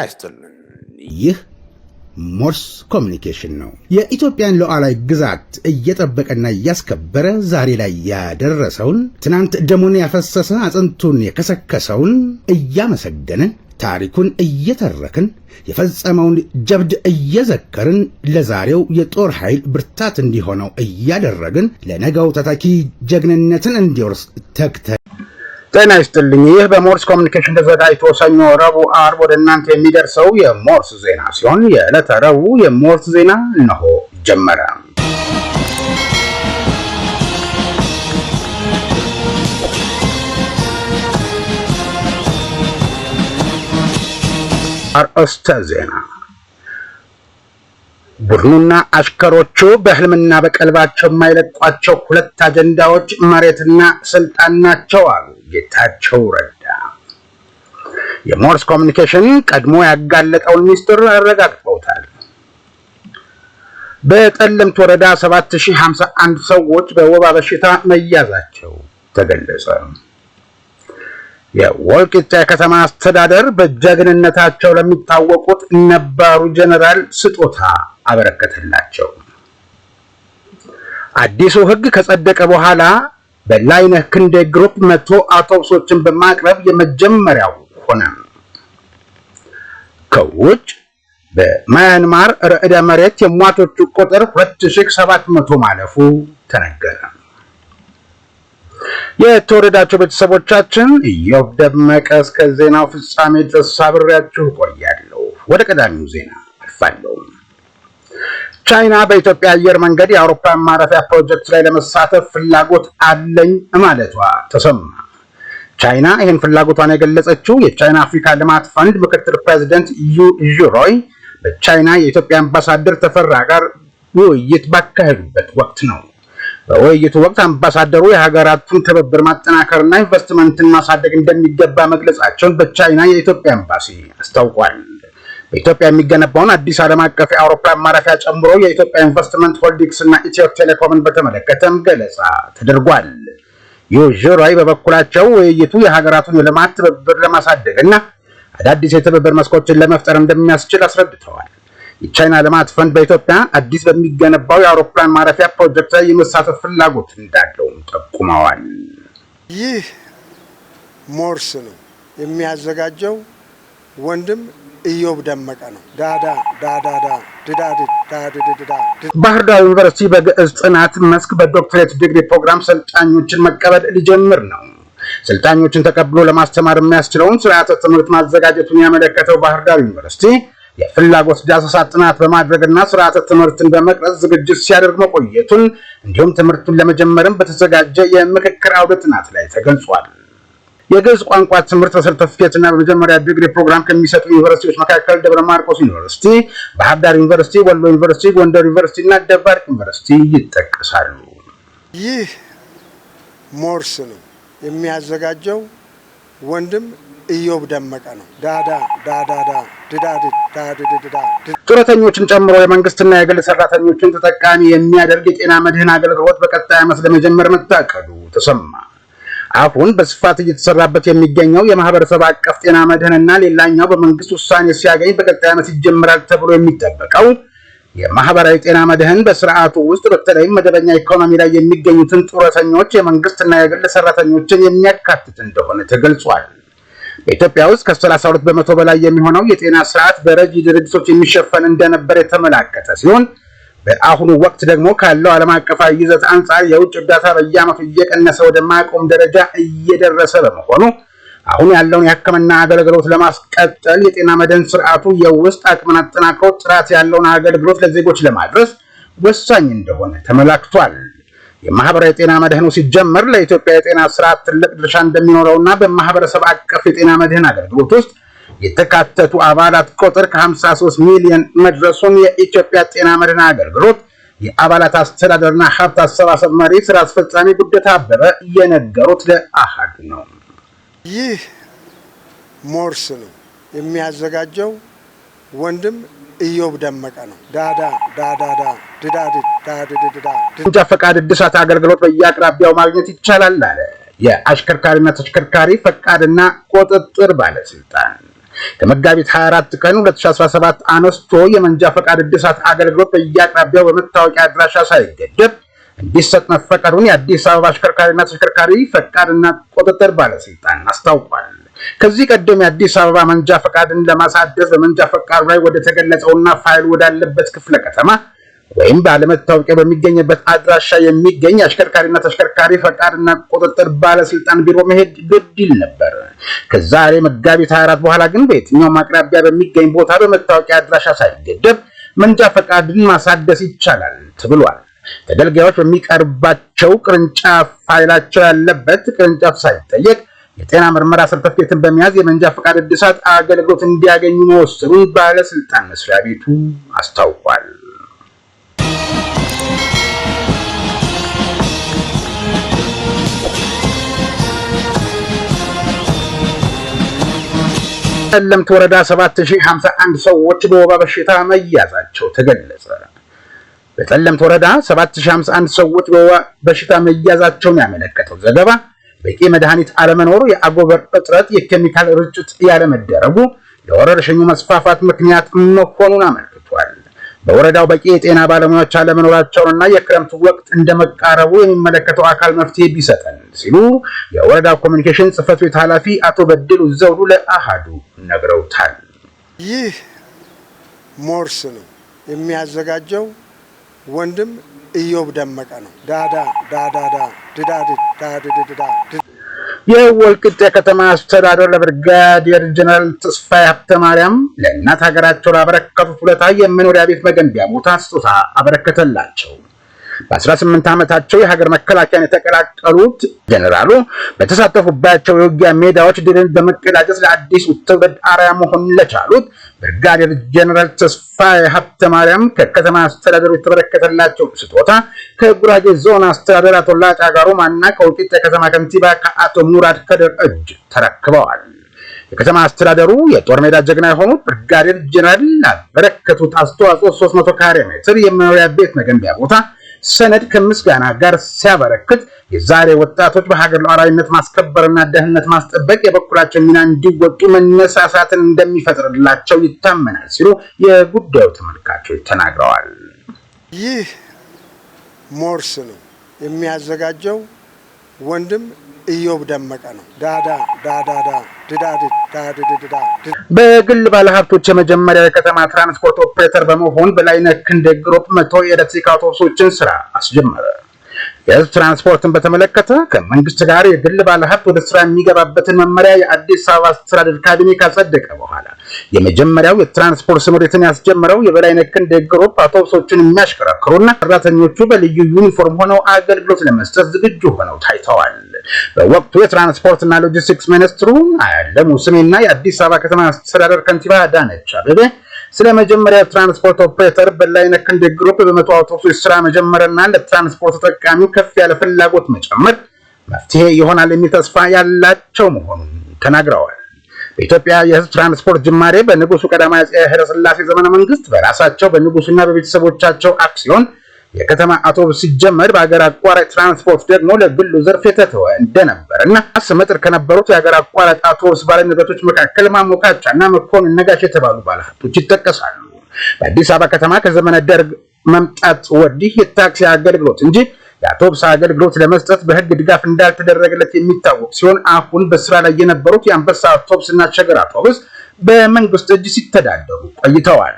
ጤና ይስጥልን። ይህ ሞርስ ኮሚኒኬሽን ነው። የኢትዮጵያን ሉዓላዊ ግዛት እየጠበቀና እያስከበረ ዛሬ ላይ ያደረሰውን ትናንት ደሙን ያፈሰሰ አጥንቱን የከሰከሰውን እያመሰገንን ታሪኩን እየተረክን የፈጸመውን ጀብድ እየዘከርን ለዛሬው የጦር ኃይል ብርታት እንዲሆነው እያደረግን ለነገው ተተኪ ጀግንነትን እንዲወርስ ተግተ ጤና ይስጥልኝ። ይህ በሞርስ ኮሚኒኬሽን ተዘጋጅቶ ሰኞ፣ ረቡዕ፣ ዓርብ ወደ እናንተ የሚደርሰው የሞርስ ዜና ሲሆን የዕለተ ረቡዕ የሞርስ ዜና እነሆ ጀመረ። አርእስተ ዜና ቡድኑና አሽከሮቹ በህልምና በቀልባቸው የማይለቋቸው ሁለት አጀንዳዎች መሬትና ስልጣን ናቸው አሉ ጌታቸው ረዳ። የሞርስ ኮሚኒኬሽን ቀድሞ ያጋለጠውን ሚስጥር አረጋግጠውታል። በጠለምት ወረዳ 7051 ሰዎች በወባ በሽታ መያዛቸው ተገለጸ። የወልቂጤ ከተማ አስተዳደር በጀግንነታቸው ለሚታወቁት ነባሩ ጀነራል ስጦታ አበረከተላቸው። አዲሱ ህግ ከጸደቀ በኋላ በላይነህ ክንዴ ግሩፕ መቶ አውቶቡሶችን በማቅረብ የመጀመሪያው ሆነ። ከውጭ በማያንማር ርዕደ መሬት የሟቾቹ ቁጥር 2700 ማለፉ ተነገረ። የተወደዳቸው ቤተሰቦቻችን ኢዮብ ደመቀ እስከ ዜናው ፍጻሜ ድረስ አብሬያችሁ ቆያለሁ። ወደ ቀዳሚው ዜና አልፋለሁ። ቻይና በኢትዮጵያ አየር መንገድ የአውሮፕላን ማረፊያ ፕሮጀክት ላይ ለመሳተፍ ፍላጎት አለኝ ማለቷ ተሰማ። ቻይና ይህን ፍላጎቷን የገለጸችው የቻይና አፍሪካ ልማት ፈንድ ምክትል ፕሬዚደንት ዩ ዥሮይ በቻይና የኢትዮጵያ አምባሳደር ተፈራ ጋር ውይይት ባካሄዱበት ወቅት ነው። በውይይቱ ወቅት አምባሳደሩ የሀገራቱን ትብብር ማጠናከርና ኢንቨስትመንትን ማሳደግ እንደሚገባ መግለጻቸውን በቻይና የኢትዮጵያ ኤምባሲ አስታውቋል። በኢትዮጵያ የሚገነባውን አዲስ ዓለም አቀፍ የአውሮፕላን ማረፊያ ጨምሮ የኢትዮጵያ ኢንቨስትመንት ሆልዲንግስ እና ኢትዮ ቴሌኮምን በተመለከተም ገለጻ ተደርጓል። ዩዥራይ በበኩላቸው ውይይቱ የሀገራቱን የልማት ትብብር ለማሳደግ እና አዳዲስ የትብብር መስኮችን ለመፍጠር እንደሚያስችል አስረድተዋል። የቻይና ልማት ፈንድ በኢትዮጵያ አዲስ በሚገነባው የአውሮፕላን ማረፊያ ፕሮጀክት ላይ የመሳተፍ ፍላጎት እንዳለውም ጠቁመዋል። ይህ ሞርስ ነው የሚያዘጋጀው ወንድም እዮብ ደመቀ ነው። ዳዳ ዳዳዳ ባህር ዳር ዩኒቨርሲቲ በግዕዝ ጥናት መስክ በዶክትሬት ዲግሪ ፕሮግራም ሰልጣኞችን መቀበል ሊጀምር ነው። ሰልጣኞችን ተቀብሎ ለማስተማር የሚያስችለውን ስርዓተ ትምህርት ማዘጋጀቱን ያመለከተው ባህር ዳር ዩኒቨርሲቲ የፍላጎት ዳሰሳ ጥናት በማድረግና ስርዓተ ትምህርትን በመቅረጽ ዝግጅት ሲያደርግ መቆየቱን እንዲሁም ትምህርቱን ለመጀመርም በተዘጋጀ የምክክር አውደ ጥናት ላይ ተገልጿል። የግዕዝ ቋንቋ ትምህርት በሰርተፍኬትና በመጀመሪያ ዲግሪ ፕሮግራም ከሚሰጡ ዩኒቨርሲቲዎች መካከል ደብረ ማርቆስ ዩኒቨርሲቲ፣ ባህር ዳር ዩኒቨርሲቲ፣ ወሎ ዩኒቨርሲቲ፣ ጎንደር ዩኒቨርሲቲ እና ደባርቅ ዩኒቨርሲቲ ይጠቀሳሉ። ይህ ሞርስ ነው የሚያዘጋጀው ወንድም ኢዮብ ደመቀ ነው። ዳዳ ዳዳዳ ጡረተኞችን ጨምሮ የመንግስትና የግል ሰራተኞችን ተጠቃሚ የሚያደርግ የጤና መድህን አገልግሎት በቀጣይ ዓመት ለመጀመር መታቀዱ ተሰማ። አሁን በስፋት እየተሰራበት የሚገኘው የማህበረሰብ አቀፍ ጤና መድህንና ሌላኛው በመንግስት ውሳኔ ሲያገኝ በቀጣይ ዓመት ይጀምራል ተብሎ የሚጠበቀው የማህበራዊ ጤና መድህን በስርዓቱ ውስጥ በተለይም መደበኛ ኢኮኖሚ ላይ የሚገኙትን ጡረተኞች፣ የመንግስትና የግል ሰራተኞችን የሚያካትት እንደሆነ ተገልጿል። በኢትዮጵያ ውስጥ ከ32 በመቶ በላይ የሚሆነው የጤና ስርዓት በረጂ ድርጅቶች የሚሸፈን እንደነበር የተመላከተ ሲሆን በአሁኑ ወቅት ደግሞ ካለው ዓለም አቀፋዊ ይዘት አንጻር የውጭ እርዳታ በየዓመቱ እየቀነሰ ወደ ማቆም ደረጃ እየደረሰ በመሆኑ አሁን ያለውን የሕክምና አገልግሎት ለማስቀጠል የጤና መድን ስርዓቱ የውስጥ አቅምን አጠናክሮ ጥራት ያለውን አገልግሎት ለዜጎች ለማድረስ ወሳኝ እንደሆነ ተመላክቷል። የማህበራዊ ጤና መድህኑ ሲጀመር ለኢትዮጵያ የጤና ስርዓት ትልቅ ድርሻ እንደሚኖረውና በማህበረሰብ አቀፍ የጤና መድህን አገልግሎት ውስጥ የተካተቱ አባላት ቁጥር ከ53 ሚሊዮን መድረሱን የኢትዮጵያ ጤና መድህን አገልግሎት የአባላት አስተዳደርና ሀብት አሰባሰብ መሪ ስራ አስፈጻሚ ጉደታ አበበ እየነገሩት ለአሃድ ነው። ይህ ሞርስ ነው የሚያዘጋጀው ወንድም ኢዮብ ደመቀ ነው። ዳዳ ዳዳዳ ድዳድድ ፈቃድ እድሳት አገልግሎት በየአቅራቢያው ማግኘት ይቻላል አለ የአሽከርካሪና ተሽከርካሪ ፈቃድና ቁጥጥር ባለስልጣን። ከመጋቢት 24 ቀን 2017 አነስቶ የመንጃ ፈቃድ እድሳት አገልግሎት በየአቅራቢያው በመታወቂያ አድራሻ ሳይገደብ እንዲሰጥ መፈቀዱን የአዲስ አበባ አሽከርካሪና ተሽከርካሪ ፈቃድና ቁጥጥር ባለስልጣን አስታውቋል። ከዚህ ቀደም የአዲስ አበባ መንጃ ፈቃድን ለማሳደስ በመንጃ ፈቃዱ ላይ ወደ ተገለጸውና ፋይሉ ወዳለበት ክፍለ ከተማ ወይም ባለመታወቂያ በሚገኝበት አድራሻ የሚገኝ አሽከርካሪና ተሽከርካሪ ፈቃድና ቁጥጥር ባለስልጣን ቢሮ መሄድ ግድ ይል ነበር። ከዛሬ መጋቢት 24 በኋላ ግን በየትኛውም አቅራቢያ በሚገኝ ቦታ በመታወቂያ አድራሻ ሳይገደብ መንጃ ፈቃድን ማሳደስ ይቻላል ተብሏል። ተገልጋዮች በሚቀርባቸው ቅርንጫፍ ፋይላቸው ያለበት ቅርንጫፍ ሳይጠየቅ የጤና ምርመራ ሰርተፍኬትን በመያዝ የመንጃ ፈቃድ እድሳት አገልግሎት እንዲያገኙ መወሰኑ ባለስልጣን መስሪያ ቤቱ አስታውቋል። ጠለምት ወረዳ 7051 ሰዎች በወባ በሽታ መያዛቸው ተገለጸ። በጠለምት ወረዳ 7051 ሰዎች በወባ በሽታ መያዛቸውን ያመለከተው ዘገባ በቂ መድኃኒት አለመኖሩ፣ የአጎበር እጥረት፣ የኬሚካል ርጭት ያለመደረጉ ለወረርሽኙ መስፋፋት ምክንያት መሆኑን አመልክቷል። በወረዳው በቂ የጤና ባለሙያዎች አለመኖራቸውንና የክረምቱ ወቅት እንደመቃረቡ የሚመለከተው አካል መፍትሄ ቢሰጠን ሲሉ የወረዳው ኮሚኒኬሽን ጽህፈት ቤት ኃላፊ አቶ በድሉ ዘውዱ ለአሃዱ ነግረውታል። ይህ ሞርስ ነው የሚያዘጋጀው ወንድም ኢዮብ ደመቀ ነው። ዳዳ ዳዳዳ ድዳድ ዳድድዳ የወልቂጤ ከተማ አስተዳደር ለብርጋዴር ጀነራል ተስፋዬ ሀብተ ማርያም ለእናት ሀገራቸው ላበረከቱት ውለታ የመኖሪያ ቤት መገንቢያ ቦታ ስጦታ አበረከተላቸው። በ18 ዓመታቸው የሀገር መከላከያን የተቀላቀሉት ጀኔራሉ በተሳተፉባቸው የውጊያ ሜዳዎች ድልን በመቀዳጀት ለአዲሱ ትውልድ አርያ መሆን ለቻሉት ብርጋዴር ጀኔራል ተስፋዬ ሀብተ ማርያም ከከተማ አስተዳደሩ የተበረከተላቸው ስጦታ ከጉራጌ ዞን አስተዳደር አቶ ላጫ ጋሩማና ከወልቂጤ ከተማ ከንቲባ ከአቶ ሙራድ ከድር እጅ ተረክበዋል። የከተማ አስተዳደሩ የጦር ሜዳ ጀግና የሆኑት ብርጋዴር ጀነራል ላበረከቱት አስተዋጽኦ 300 ካሬ ሜትር የመኖሪያ ቤት መገንቢያ ቦታ ሰነድ ከምስጋና ጋር ሲያበረክት የዛሬ ወጣቶች በሀገር ሉዓላዊነት ማስከበርና ደህንነት ማስጠበቅ የበኩላቸው ሚና እንዲወጡ መነሳሳትን እንደሚፈጥርላቸው ይታመናል ሲሉ የጉዳዩ ተመልካቾች ተናግረዋል። ይህ ሞርስ ነው የሚያዘጋጀው ወንድም ኢዮብ ደመቀ ነው። ዳዳ ዳዳዳ በግል ባለሀብቶች የመጀመሪያ የከተማ ትራንስፖርት ኦፕሬተር በመሆን በላይነህ ክንዴ ግሩፕ መቶ የኤሌክትሪክ አውቶቡሶችን ስራ አስጀመረ። የህዝብ ትራንስፖርትን በተመለከተ ከመንግስት ጋር የግል ባለሀብት ወደ ስራ የሚገባበትን መመሪያ የአዲስ አበባ አስተዳደር ካቢኔ ካጸደቀ በኋላ የመጀመሪያው የትራንስፖርት ስምሪትን ያስጀመረው የበላይነህ ክንዴ ግሩፕ አውቶቡሶችን የሚያሽከረክሩና ሰራተኞቹ በልዩ ዩኒፎርም ሆነው አገልግሎት ለመስጠት ዝግጁ ሆነው ታይተዋል። በወቅቱ የትራንስፖርትና ሎጂስቲክስ ሚኒስትሩ አያለሙ ስሜና የአዲስ አበባ ከተማ አስተዳደር ከንቲባ አዳነች አበበ ስለ መጀመሪያ ትራንስፖርት ኦፕሬተር በላይነህ ክንዴ ግሩፕ በመቶ አውቶቡሶች ስራ መጀመርና ለትራንስፖርት ተጠቃሚው ከፍ ያለ ፍላጎት መጨመር መፍትሄ ይሆናል የሚል ተስፋ ያላቸው መሆኑን ተናግረዋል። በኢትዮጵያ የህዝብ ትራንስፖርት ጅማሬ በንጉሱ ቀዳማዊ ኃይለ ሥላሴ ዘመነ መንግስት በራሳቸው በንጉሱና በቤተሰቦቻቸው አክሲዮን የከተማ አውቶቡስ ሲጀመር በሀገር አቋራጭ ትራንስፖርት ደግሞ ለግሉ ዘርፍ የተተወ እንደነበር እና ስመጥር ከነበሩት የሀገር አቋራጭ አውቶቡስ ባለንብረቶች መካከል ማሞቃቻ እና መኮንን ነጋሽ የተባሉ ባለሀብቶች ይጠቀሳሉ። በአዲስ አበባ ከተማ ከዘመነ ደርግ መምጣት ወዲህ የታክሲ አገልግሎት እንጂ የአውቶቡስ አገልግሎት ለመስጠት በህግ ድጋፍ እንዳልተደረገለት የሚታወቅ ሲሆን አሁን በስራ ላይ የነበሩት የአንበሳ እና ሸገር አውቶቡስ በመንግስት እጅ ሲተዳደሩ ቆይተዋል።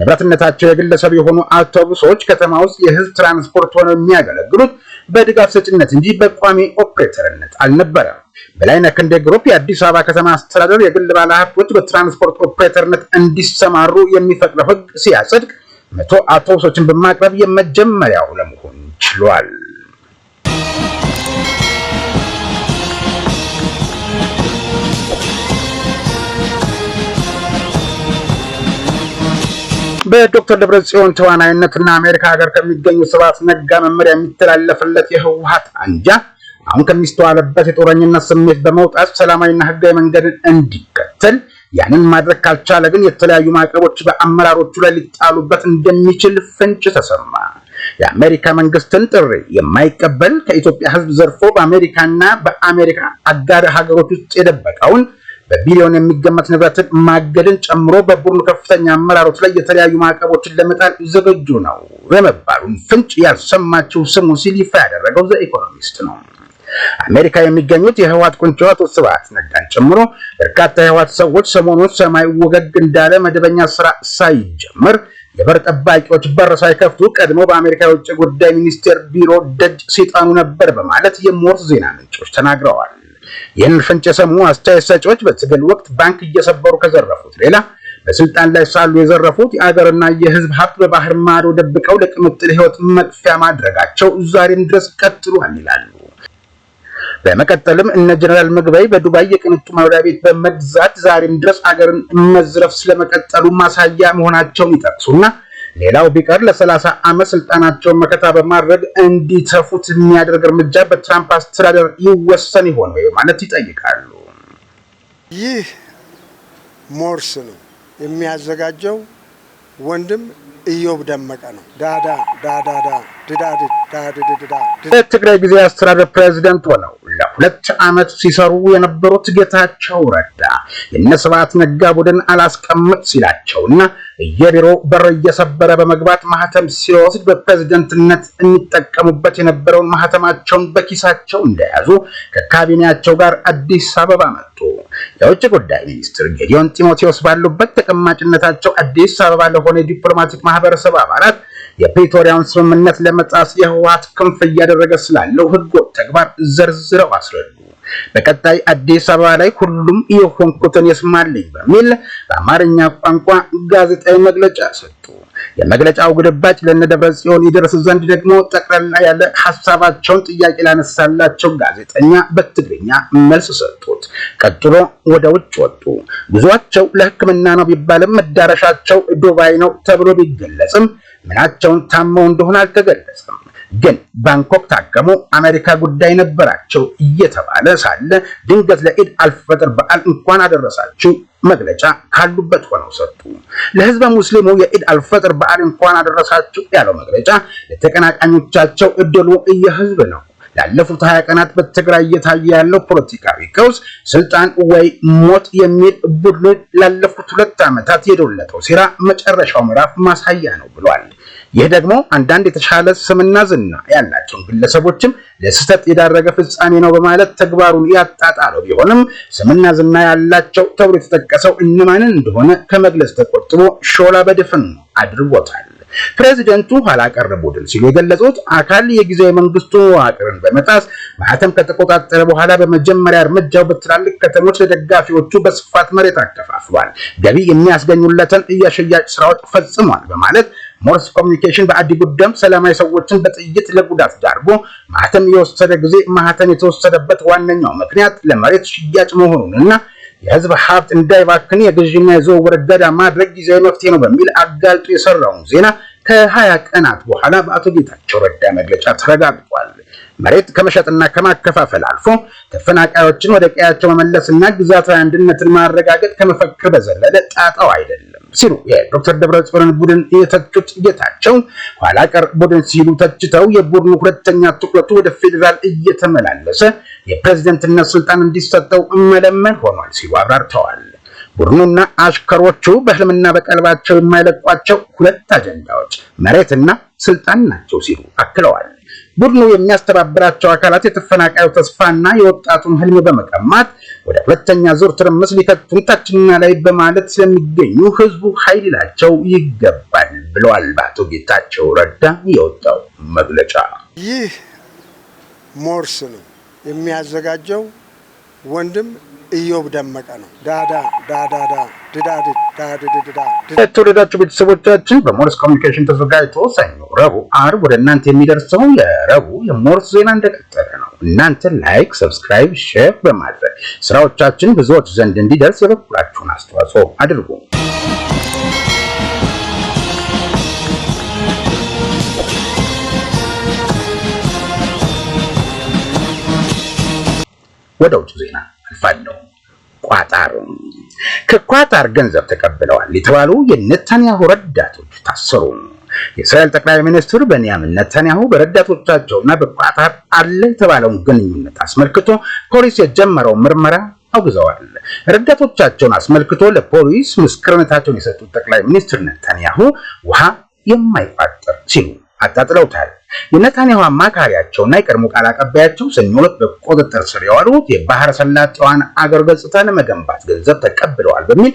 ንብረትነታቸው የግለሰብ የሆኑ አውቶቡሶች ከተማ ውስጥ የህዝብ ትራንስፖርት ሆነው የሚያገለግሉት በድጋፍ ሰጭነት እንጂ በቋሚ ኦፕሬተርነት አልነበረም። በላይነህ ክንዴ ግሩፕ የአዲስ አበባ ከተማ አስተዳደር የግል ባለሀብቶች በትራንስፖርት ኦፕሬተርነት እንዲሰማሩ የሚፈቅደው ህግ ሲያጸድቅ መቶ አውቶቡሶችን በማቅረብ የመጀመሪያው ለመሆን ችሏል። በዶክተር ደብረጽዮን ተዋናይነትና አሜሪካ ሀገር ከሚገኙ ስብሐት ነጋ መመሪያ የሚተላለፍለት የህወሀት አንጃ አሁን ከሚስተዋልበት የጦረኝነት ስሜት በመውጣት ሰላማዊና ህጋዊ መንገድን እንዲከተል ያንን ማድረግ ካልቻለ ግን የተለያዩ ማዕቀቦች በአመራሮቹ ላይ ሊጣሉበት እንደሚችል ፍንጭ ተሰማ። የአሜሪካ መንግስትን ጥሪ የማይቀበል ከኢትዮጵያ ህዝብ ዘርፎ በአሜሪካና በአሜሪካ አጋር ሀገሮች ውስጥ የደበቀውን በቢሊዮን የሚገመት ንብረትን ማገድን ጨምሮ በቡድኑ ከፍተኛ አመራሮች ላይ የተለያዩ ማዕቀቦችን ለመጣል ዝግጁ ነው የመባሉን ፍንጭ ያልሰማችው ስሙ ሲል ይፋ ያደረገው ዘ ኢኮኖሚስት ነው። አሜሪካ የሚገኙት የህወሓት ቁንጮዎች ስብሐት ነጋን ጨምሮ በርካታ የህወሓት ሰዎች ሰሞኑን ሰማይ ወገግ እንዳለ መደበኛ ስራ ሳይጀምር የበር ጠባቂዎች በር ሳይከፍቱ ቀድሞ በአሜሪካ የውጭ ጉዳይ ሚኒስቴር ቢሮ ደጅ ሲጠኑ ነበር በማለት የሞርስ ዜና ምንጮች ተናግረዋል። ይህን ፍንጭ የሰሙ አስተያየት ሰጪዎች በትግል ወቅት ባንክ እየሰበሩ ከዘረፉት ሌላ በስልጣን ላይ ሳሉ የዘረፉት የአገርና የሕዝብ ሀብት በባህር ማዶ ደብቀው ለቅምጥል ሕይወት መጥፊያ ማድረጋቸው ዛሬም ድረስ ቀጥሏል ይላሉ። በመቀጠልም እነ ጀነራል ምግበይ በዱባይ የቅንጡ መኖሪያ ቤት በመግዛት ዛሬም ድረስ አገርን መዝረፍ ስለመቀጠሉ ማሳያ መሆናቸውን ይጠቅሱና ሌላው ቢቀር ለ30 ዓመት ስልጣናቸውን መከታ በማድረግ እንዲተፉት የሚያደርግ እርምጃ በትራምፕ አስተዳደር ይወሰን ይሆን ወይ ማለት ይጠይቃሉ። ይህ ሞርስ ነው የሚያዘጋጀው። ወንድም እዮብ ደመቀ ነው። ዳዳ ዳዳዳ ድዳድ ዳድድዳ የትግራይ ጊዜ አስተዳደር ፕሬዚደንት ሆነው ለሁለት ዓመት ሲሰሩ የነበሩት ጌታቸው ረዳ የነስብሐት ነጋ ቡድን አላስቀምጥ ሲላቸውና የቢሮ በር እየሰበረ በመግባት ማህተም ሲወስድ በፕሬዝደንትነት እንጠቀሙበት የነበረውን ማህተማቸውን በኪሳቸው እንደያዙ ከካቢኔያቸው ጋር አዲስ አበባ መጡ። የውጭ ጉዳይ ሚኒስትር ጌዲዮን ጢሞቴዎስ ባሉበት ተቀማጭነታቸው አዲስ አበባ ለሆነ የዲፕሎማቲክ ማህበረሰብ አባላት የፕሪቶሪያውን ስምምነት ለመጣስ የህወሀት ክንፍ እያደረገ ስላለው ህገወጥ ተግባር ዘርዝረው አስረዱ። በቀጣይ አዲስ አበባ ላይ ሁሉም የሆንኩትን የስማልኝ በሚል በአማርኛ ቋንቋ ጋዜጣዊ መግለጫ ሰጡ። የመግለጫው ግልባጭ ለነደብረ ጽዮን ይደርስ ዘንድ ደግሞ ጠቅላላ ያለ ሀሳባቸውን ጥያቄ ላነሳላቸው ጋዜጠኛ በትግርኛ መልስ ሰጡት። ቀጥሎ ወደ ውጭ ወጡ። ጉዟቸው ለሕክምና ነው ቢባልም መዳረሻቸው ዱባይ ነው ተብሎ ቢገለጽም ምናቸውን ታመው እንደሆነ አልተገለጸም። ግን ባንኮክ ታከሙ፣ አሜሪካ ጉዳይ ነበራቸው እየተባለ ሳለ ድንገት ለኢድ አልፈጥር በዓል እንኳን አደረሳችሁ መግለጫ ካሉበት ሆነው ሰጡ። ለህዝበ ሙስሊሙ የኢድ አልፈጥር በዓል እንኳን አደረሳችሁ ያለው መግለጫ ለተቀናቃኞቻቸው እድሉ እየህዝብ ነው። ላለፉት ሀያ ቀናት በትግራይ እየታየ ያለው ፖለቲካዊ ቀውስ ስልጣን ወይ ሞት የሚል ቡድን ላለፉት ሁለት ዓመታት የዶለጠው ሴራ መጨረሻው ምዕራፍ ማሳያ ነው ብሏል። ይህ ደግሞ አንዳንድ የተሻለ ስምና ዝና ያላቸውን ግለሰቦችም ለስህተት የዳረገ ፍጻሜ ነው በማለት ተግባሩን ያጣጣለው ቢሆንም ስምና ዝና ያላቸው ተብሎ የተጠቀሰው እነማንን እንደሆነ ከመግለጽ ተቆጥቦ ሾላ በድፍን አድርጎታል። ፕሬዚደንቱ ኋላ ቀር ቡድን ሲሉ የገለጹት አካል የጊዜያዊ መንግስቱ መዋቅርን በመጣስ ማህተም ከተቆጣጠረ በኋላ በመጀመሪያ እርምጃው በትላልቅ ከተሞች ለደጋፊዎቹ በስፋት መሬት አከፋፍሏል፣ ገቢ የሚያስገኙለትን እያሸያጭ ስራዎች ፈጽሟል በማለት ሞርስ ኮሚኒኬሽን በአዲ ጉዳም ሰላማዊ ሰዎችን በጥይት ለጉዳት ዳርጎ ማህተም የወሰደ ጊዜ ማህተም የተወሰደበት ዋነኛው ምክንያት ለመሬት ሽያጭ መሆኑን እና የህዝብ ሀብት እንዳይባክን የግዥና የዝውውር እገዳ ማድረግ ጊዜያዊ መፍትሄ ነው በሚል አጋልጦ የሰራውን ዜና ከሀያ ቀናት በኋላ በአቶ ጌታቸው ረዳ መግለጫ ተረጋግጧል። መሬት ከመሸጥና ከማከፋፈል አልፎ ተፈናቃዮችን ወደ ቀያቸው መመለስና ግዛታዊ አንድነትን ማረጋገጥ ከመፈክር በዘለለ ጣጣው አይደለም ሲሉ የዶክተር ደብረጽዮንን ቡድን የተቹት ጌታቸው ኋላ ቀር ቡድን ሲሉ ተችተው የቡድኑ ሁለተኛ ትኩረቱ ወደ ፌዴራል እየተመላለሰ የፕሬዝደንትነት ስልጣን እንዲሰጠው መለመን ሆኗል ሲሉ አብራርተዋል። ቡድኑና አሽከሮቹ በህልምና በቀልባቸው የማይለቋቸው ሁለት አጀንዳዎች መሬትና ስልጣን ናቸው ሲሉ አክለዋል። ቡድኑ የሚያስተባብራቸው አካላት የተፈናቃዩ ተስፋና የወጣቱን ህልም በመቀማት ወደ ሁለተኛ ዙር ትርምስ ሊከቱን ታችና ላይ በማለት ስለሚገኙ ህዝቡ ኃይል ላቸው ይገባል ብለዋል። በአቶ ጌታቸው ረዳ የወጣው መግለጫ ይህ ሞርስ ነው የሚያዘጋጀው ወንድም ኢዮብ ደመቀ ነው። ዳዳ ዳዳዳ የተወደዳችሁ ቤተሰቦቻችን በሞርስ ኮሚኒኬሽን ተዘጋጅቶ ሰኞ፣ ረቡዕ፣ ዓርብ ወደ እናንተ የሚደርሰው የረቡዕ የሞርስ ዜና እንደቀጠለ ነው። እናንተ ላይክ፣ ሰብስክራይብ፣ ሼር በማድረግ ስራዎቻችን ብዙዎች ዘንድ እንዲደርስ የበኩላችሁን አስተዋጽኦ አድርጉ። ወደ ውጭ ዜና ፈኖ ቋጣር ከቋጣር ገንዘብ ተቀብለዋል የተባሉ የነታንያሁ ረዳቶች ታሰሩ። የእስራኤል ጠቅላይ ሚኒስትር በንያሚን ነታንያሁ በረዳቶቻቸውና በቋጣር አለ የተባለውን ግንኙነት አስመልክቶ ፖሊስ የጀመረው ምርመራ አውግዘዋል። ረዳቶቻቸውን አስመልክቶ ለፖሊስ ምስክርነታቸውን የሰጡት ጠቅላይ ሚኒስትር ነታንያሁ ውሃ የማይቋጠር ሲሉ አጣጥለውታል። የነታንያሁ አማካሪያቸውና የቀድሞ ቃል አቀባያቸው ሰኞ ዕለት በቁጥጥር ስር የዋሉት የባህረ ሰላጤዋን አገር ገጽታ ለመገንባት ገንዘብ ተቀብለዋል በሚል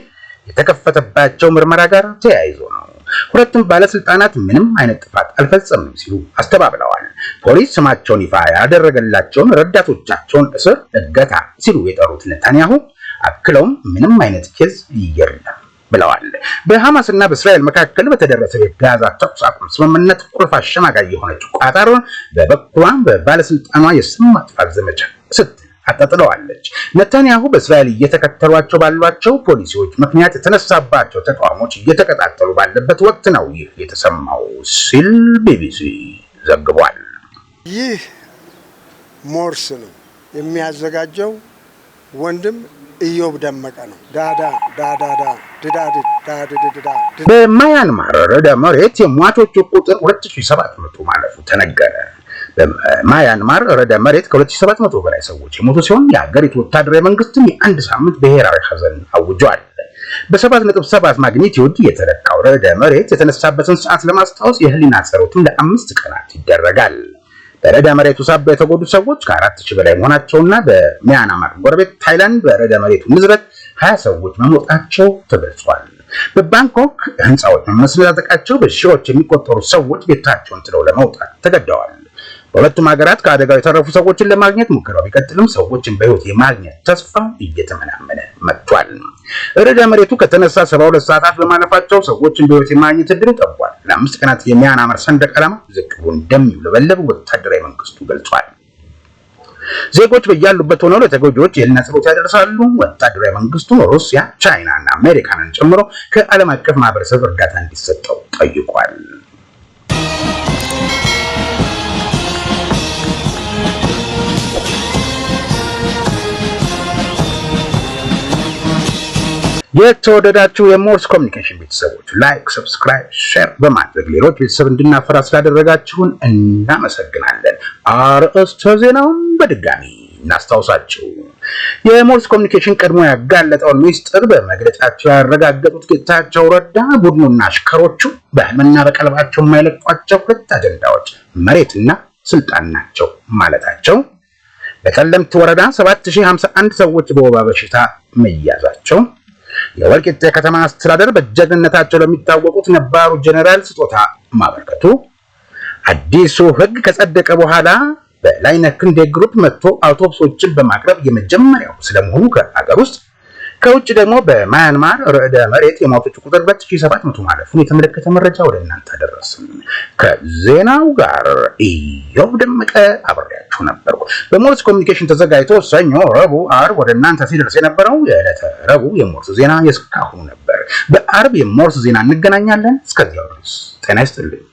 የተከፈተባቸው ምርመራ ጋር ተያይዞ ነው። ሁለቱም ባለስልጣናት ምንም አይነት ጥፋት አልፈጸምም ሲሉ አስተባብለዋል። ፖሊስ ስማቸውን ይፋ ያደረገላቸውን ረዳቶቻቸውን እስር እገታ ሲሉ የጠሩት ነታንያሁ አክለውም ምንም አይነት ኬዝ የለም ብለዋል። በሐማስና በእስራኤል መካከል በተደረሰ የጋዛ ተኩስ አቁም ስምምነት ቁልፍ አሸማጋይ የሆነችው ቋጠሮ በበኩሏ በባለስልጣኗ የስም ማጥፋት ዘመቻ ስትል አጣጥለዋለች። ነታንያሁ በእስራኤል እየተከተሏቸው ባሏቸው ፖሊሲዎች ምክንያት የተነሳባቸው ተቃውሞች እየተቀጣጠሉ ባለበት ወቅት ነው ይህ የተሰማው ሲል ቢቢሲ ዘግቧል። ይህ ሞርስ ነው የሚያዘጋጀው ወንድም ኢዮብ ደመቀ ነው። ዳዳ ዳዳዳ በማያንማር ርዕደ መሬት የሟቾቹ ቁጥር 2700 ማለፉ ተነገረ። በማያንማር ርዕደ መሬት ከ2700 በላይ ሰዎች የሞቱ ሲሆን የሀገሪቱ ወታደራዊ መንግስትም የአንድ ሳምንት ብሔራዊ ሀዘን አውጇል። በ7.7 ማግኒቲዩድ የተለካው ርዕደ መሬት የተነሳበትን ሰዓት ለማስታወስ የህሊና ጸሎትም ለአምስት ቀናት ይደረጋል። በረዳ መሬቱ ሳቢያ የተጎዱ ሰዎች ከአራት ሺህ በላይ መሆናቸውና በሚያንማር ጎረቤት ታይላንድ በረዳ መሬቱ ምዝበት ሀያ ሰዎች መሞታቸው ተገልጿል። በባንኮክ ህንፃዎች መሰነጣጠቃቸው በሺዎች የሚቆጠሩ ሰዎች ቤታቸውን ትለው ለመውጣት ተገደዋል። በሁለቱም ሀገራት ከአደጋው የተረፉ ሰዎችን ለማግኘት ሙከራው ቢቀጥልም ሰዎችን በህይወት የማግኘት ተስፋ እየተመናመነ መጥቷል። ርዕደ መሬቱ ከተነሳ 72 ሰዓታት በማለፋቸው ሰዎችን በሕይወት የማግኘት እድል ጠቧል። ለአምስት ቀናት የሚያናምር ሰንደቅ ዓላማ ዝግቡ እንደሚውለበለብ ወታደራዊ መንግስቱ ገልጿል። ዜጎች በያሉበት ሆነው ለተጎጂዎች የልና ጸሎት ያደርሳሉ። ወታደራዊ መንግስቱ ሩሲያ፣ ቻይና እና አሜሪካንን ጨምሮ ከዓለም አቀፍ ማህበረሰብ እርዳታ እንዲሰጠው ጠይቋል። የተወደዳችሁ የሞርስ ኮሚኒኬሽን ቤተሰቦች ላይክ፣ ሰብስክራይብ፣ ሼር በማድረግ ሌሎች ቤተሰብ እንድናፈራ ስላደረጋችሁን እናመሰግናለን። አርዕስተ ዜናውን በድጋሚ እናስታውሳችሁ። የሞርስ ኮሚኒኬሽን ቀድሞ ያጋለጠውን ሚስጥር በመግለጫቸው ያረጋገጡት ጌታቸው ረዳ ቡድኑና አሽከሮቹ በህልምና በቀልባቸው የማይለቋቸው ሁለት አጀንዳዎች መሬትና ስልጣን ናቸው ማለታቸው፣ በጠለምት ወረዳ 7051 ሰዎች በወባ በሽታ መያዛቸው የወልቂጤ ከተማ አስተዳደር በጀግንነታቸው ለሚታወቁት ነባሩ ጀነራል ስጦታ ማበርከቱ፣ አዲሱ ህግ ከጸደቀ በኋላ በላይነህ ክንዴ ግሩፕ መጥቶ አውቶቡሶችን በማቅረብ የመጀመሪያው ስለመሆኑ ከሀገር ውስጥ ከውጭ ደግሞ በማያንማር ርዕደ መሬት የሟቾቹ ቁጥር 2700 ማለፉን የተመለከተ መረጃ ወደ እናንተ አደረስን። ከዜናው ጋር ኢዮብ ደመቀ አብሬያችሁ ነበርኩ። በሞርስ ኮሚኒኬሽን ተዘጋጅቶ ሰኞ፣ ረቡዕ፣ ዓርብ ወደ እናንተ ሲደርስ የነበረው የዕለተ ረቡዕ የሞርስ ዜና የስካሁኑ ነበር። በአርብ የሞርስ ዜና እንገናኛለን። እስከዚያው ድረስ ጤና ይስጥልኝ።